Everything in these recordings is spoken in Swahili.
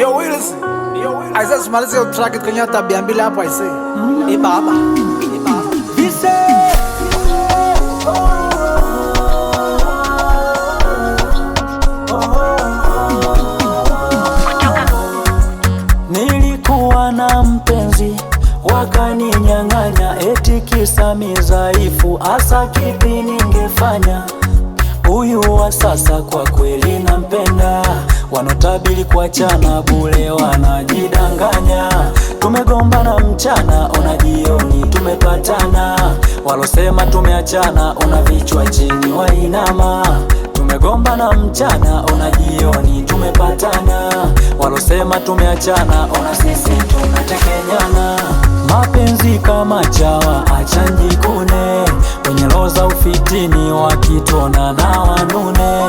Yo Willis, aise simalize hiyo track kwenye tabia mbili hapo aise. Ee baba. Nilikuwa na mpenzi wakaninyang'anya, eti kisa mizaifu, hasa kipi ningefanya? Huyu wa sasa kwa kweli nampenda wanotabili kuachana bule wanajidanganya. Tumegombana mchana, ona jioni tumepatana. Walosema tumeachana, ona vichwa chini wainama. Tumegombana mchana, ona jioni tumepatana. Walosema tumeachana, ona sisi tunatekenyana. Mapenzi kama chawa, achanjikuna za ufitini wakitona na wanune,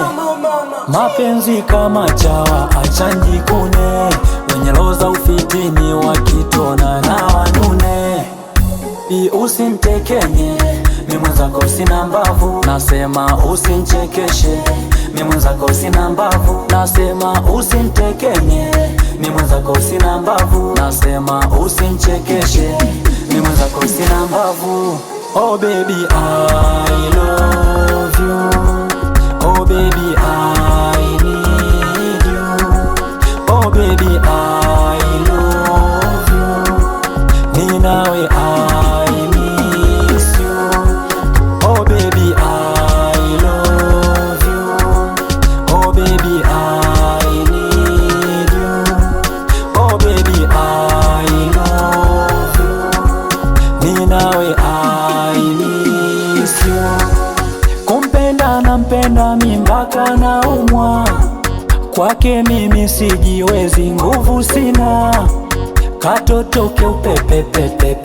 mapenzi kama chawa achanjikune, wenye roho za ufitini wakitona na wanune, i usimtekenye mi mwenzako sina mbavu, nasema usinchekeshe mi mwenzako sina mbavu, nasema usintekenye mi mwenzako sina mbavu, nasema usinchekeshe mi mwenzako sina mbavu Oh baby, I mimi mpaka naumwa, kwake mimi sijiwezi, nguvu sina, katotoke pepe,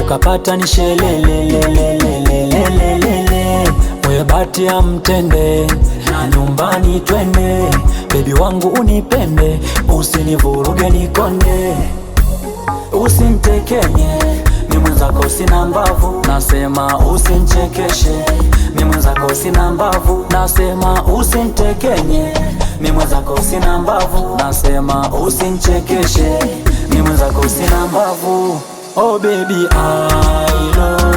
ukapata nishelelelelelelelele, moyo bati ya mtende na nyumbani twende, bebi wangu unipende, usinivuruge nikonde, usimtekenye mwenzako sina mbavu, nasema usinichekeshe. Mi mwenzako sina mbavu, nasema usinitekenye. Mi mwenzako sina mbavu, nasema usinichekeshe. Mi mwenzako sina mbavu. Oh baby I love